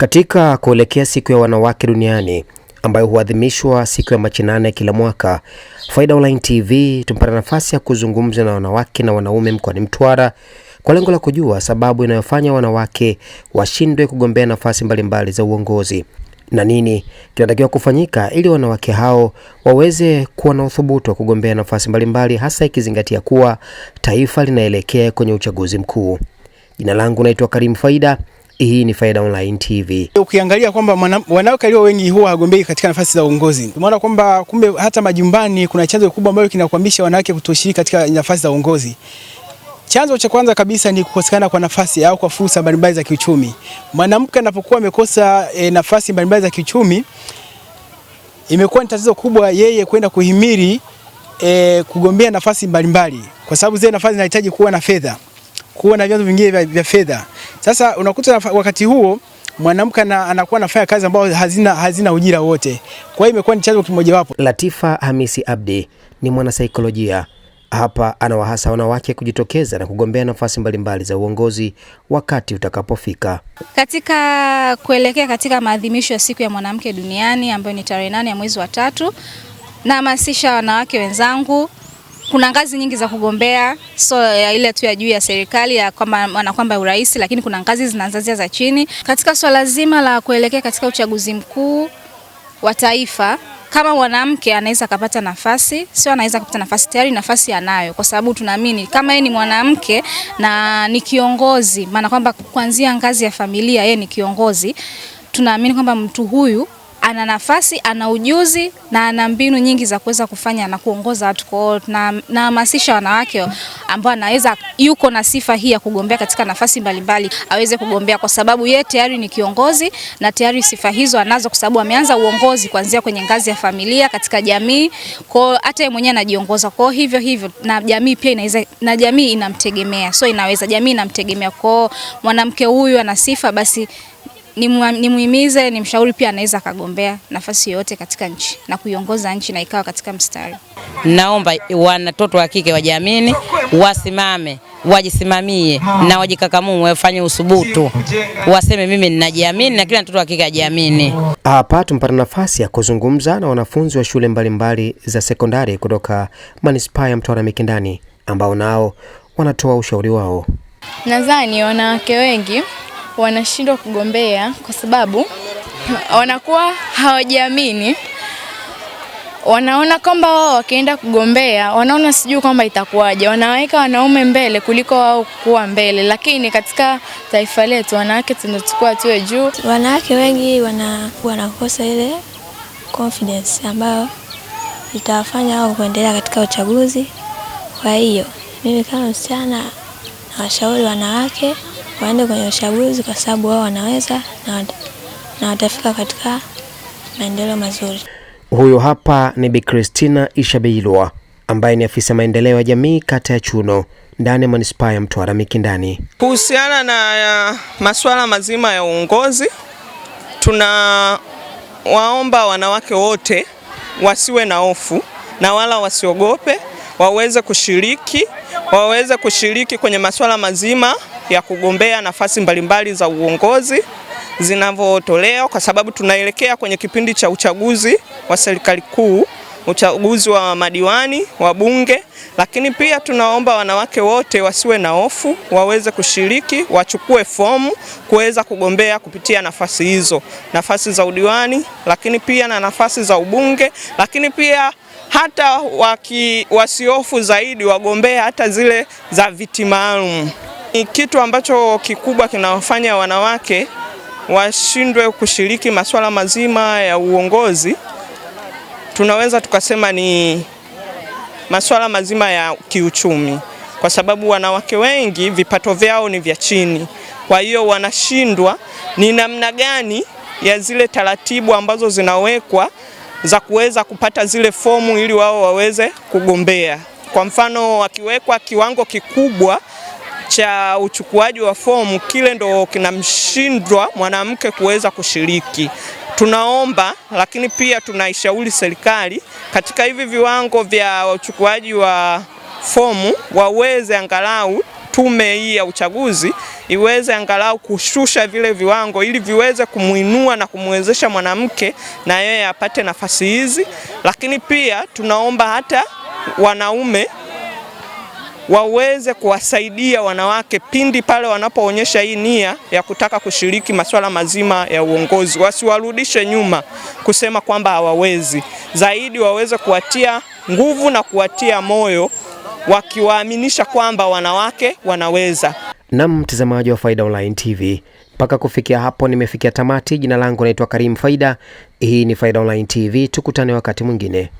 Katika kuelekea siku ya wanawake duniani ambayo huadhimishwa siku ya Machi nane kila mwaka, Faida Online TV tumepata nafasi ya kuzungumza na wanawake na wanaume mkoani Mtwara kwa lengo la kujua sababu inayofanya wanawake washindwe kugombea nafasi mbalimbali mbali za uongozi na nini kinatakiwa kufanyika ili wanawake hao waweze kuwa na uthubutu wa kugombea nafasi mbalimbali, hasa ikizingatia kuwa taifa linaelekea kwenye uchaguzi mkuu. Jina langu naitwa Karim Faida. Hii ni Faida Online TV. Ukiangalia kwamba wanawake walio wengi huwa hagombei katika nafasi za uongozi, tumeona kwamba kumbe hata majumbani kuna chanzo kikubwa ambacho kinakwamisha wanawake kutoshiriki katika nafasi za uongozi. Chanzo cha kwanza kabisa ni kukosekana kwa nafasi au kwa fursa mbalimbali za kiuchumi. Mwanamke anapokuwa amekosa e, nafasi mbalimbali za kiuchumi, imekuwa ni tatizo kubwa yeye kwenda kuhimili e, kugombea nafasi mbalimbali, kwa sababu zile nafasi zinahitaji kuwa na fedha, kuwa na vyanzo vingine vya, vya fedha. Sasa unakuta wakati huo mwanamke na, anakuwa anafanya kazi ambazo hazina, hazina ujira wote. Kwa hiyo imekuwa ni chanzo kimojawapo. Latifa Hamisi Abdi ni mwanasaikolojia hapa anawahasa wanawake kujitokeza na kugombea nafasi mbalimbali za uongozi wakati utakapofika. Katika kuelekea katika maadhimisho ya siku ya mwanamke duniani ambayo ni tarehe nane ya mwezi wa tatu, nahamasisha wanawake wenzangu kuna ngazi nyingi za kugombea, so ya ile tu ya juu ya serikali ya kwamba wanakwamba urais, lakini kuna ngazi zinaanzia za chini. Katika swala zima la kuelekea katika uchaguzi mkuu wa taifa, kama mwanamke anaweza akapata nafasi, sio anaweza kupata nafasi, tayari nafasi anayo, kwa sababu tunaamini kama yeye ni mwanamke na ni kiongozi, maana kwamba kuanzia ngazi ya familia, yeye ni kiongozi, tunaamini kwamba mtu huyu ana nafasi, ana ujuzi na ana mbinu nyingi za kuweza kufanya na kuongoza watu. Kwa na nahamasisha wanawake ambao anaweza yuko na sifa hii ya kugombea katika nafasi mbalimbali aweze kugombea, kwa sababu yeye tayari ni kiongozi na tayari sifa hizo anazo, kwa sababu ameanza uongozi kuanzia kwenye ngazi ya familia, katika jamii, kwa hata yeye mwenyewe anajiongoza. Kwa hivyo hivyo na jamii pia inaweza na jamii inamtegemea, so inaweza jamii inamtegemea. Kwa mwanamke huyu ana sifa basi nimuhimize nimshauri pia anaweza akagombea nafasi yoyote katika nchi na kuiongoza nchi na ikawa katika mstari. Naomba wanatoto wa kike wajiamini, wasimame, wajisimamie na wajikakamue, wafanye usubutu, waseme mimi ninajiamini na kila mtoto wa kike ajiamini. Hapa tumpata nafasi ya kuzungumza na wanafunzi wa shule mbalimbali za sekondari kutoka manispaa ya Mtwara Mikindani ambao nao wanatoa ushauri wao. Nadhani wanawake wengi wanashindwa kugombea kwa sababu wanakuwa hawajiamini. Wanaona kwamba wao wakienda kugombea, wanaona sijui kwamba itakuwaje, wanaweka wanaume mbele kuliko wao kuwa mbele. Lakini katika taifa letu wanawake tunachukua tuwe juu. Wanawake wengi wana, wanakosa ile confidence ambayo itawafanya wao kuendelea katika uchaguzi. Kwa hiyo mimi kama msichana nawashauri wanawake waende kwenye uchaguzi kwa sababu wao wanaweza na, na watafika katika maendeleo mazuri. Huyo hapa ni Bi Christina Ishabeilwa ambaye ni afisa maendeleo ya jamii kata ya Chuno ndani ya manispaa ya Mtwara Mikindani. Kuhusiana na masuala mazima ya uongozi, tunawaomba wanawake wote wasiwe na hofu na wala wasiogope waweze kushiriki, waweze kushiriki kwenye masuala mazima ya kugombea nafasi mbalimbali za uongozi zinavyotolewa, kwa sababu tunaelekea kwenye kipindi cha uchaguzi wa serikali kuu, uchaguzi wa madiwani, wa bunge. Lakini pia tunaomba wanawake wote wasiwe na hofu, waweze kushiriki, wachukue fomu kuweza kugombea kupitia nafasi hizo, nafasi za udiwani, lakini pia na nafasi za ubunge, lakini pia hata waki, wasiofu zaidi wagombee hata zile za viti maalum. Ni kitu ambacho kikubwa kinawafanya wanawake washindwe kushiriki masuala mazima ya uongozi. Tunaweza tukasema ni masuala mazima ya kiuchumi, kwa sababu wanawake wengi vipato vyao ni vya chini, kwa hiyo wanashindwa ni namna gani ya zile taratibu ambazo zinawekwa za kuweza kupata zile fomu ili wao waweze kugombea. Kwa mfano, wakiwekwa kiwango kikubwa cha uchukuaji wa fomu, kile ndo kinamshindwa mwanamke kuweza kushiriki. Tunaomba lakini pia tunaishauri serikali katika hivi viwango vya uchukuaji wa fomu waweze angalau tume hii ya uchaguzi iweze angalau kushusha vile viwango ili viweze kumwinua na kumwezesha mwanamke na yeye apate nafasi hizi, lakini pia tunaomba hata wanaume waweze kuwasaidia wanawake pindi pale wanapoonyesha hii nia ya kutaka kushiriki masuala mazima ya uongozi, wasiwarudishe nyuma kusema kwamba hawawezi, zaidi waweze kuwatia nguvu na kuwatia moyo, wakiwaaminisha kwamba wanawake wanaweza na mtazamaji wa Faida Online TV. Mpaka kufikia hapo nimefikia tamati. Jina langu naitwa Karim Faida. Hii ni Faida Online TV, tukutane wakati mwingine.